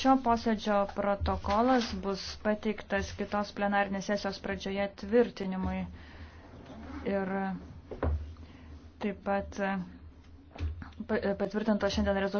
Šio posėdžio protokolas bus pateiktas kitos plenarinės sesijos pradžioje tvirtinimui. Ir taip pat patvirtinto šiandien rezultatų.